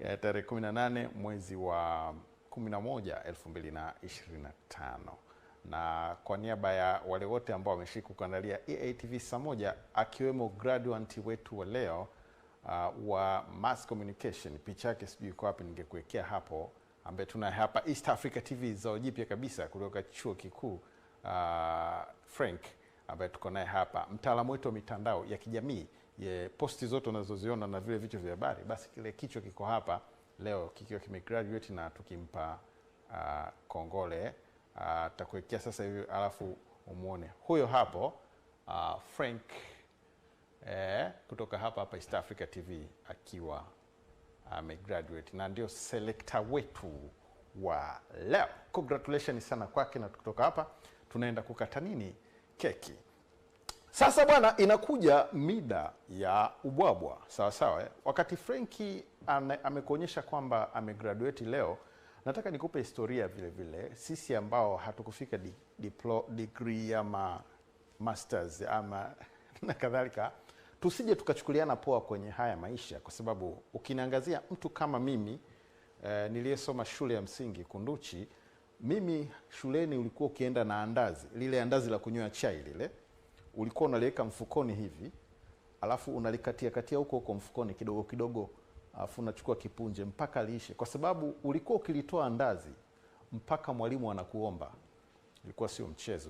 ya eh, tarehe 18 mwezi wa 11 2025 na kwa niaba ya wale wote ambao wameshiriki kuandalia EATV saa moja akiwemo graduate wetu wa leo uh, wa mass communication, picha yake sijui iko wapi, ningekuwekea hapo, ambaye tuna hapa East Africa TV zao jipya kabisa kutoka chuo kikuu uh, Frank ambaye tuko naye hapa, mtaalamu wetu wa mitandao ya kijamii ye, posti zote unazoziona na vile vichwa vya habari, basi kile kichwa kiko hapa leo kikiwa kimegraduate na tukimpa uh, kongole ah, atakuwekea uh, sasa hivi, alafu umwone huyo hapo uh, Frank eh, kutoka hapa hapa East Africa TV akiwa amegraduate uh, na ndio selekta wetu wa leo. Congratulations sana kwake, na kutoka hapa tunaenda kukata nini keki. Sasa bwana, inakuja mida ya ubwabwa, sawa sawa. Eh? Wakati Frenki amekuonyesha kwamba amegraduate leo, nataka nikupe historia vile vile, sisi ambao hatukufika di, diplo, degree ama masters ama na kadhalika, tusije tukachukuliana poa kwenye haya maisha, kwa sababu ukiniangazia mtu kama mimi eh, niliyesoma shule ya msingi Kunduchi, mimi shuleni ulikuwa ukienda na andazi lile, andazi la kunywa chai lile ulikuwa unaliweka mfukoni hivi, alafu unalikatia katia huko huko mfukoni kidogo kidogo, alafu unachukua kipunje mpaka liishe, kwa sababu ulikuwa ukilitoa andazi mpaka mwalimu anakuomba, ilikuwa sio mchezo.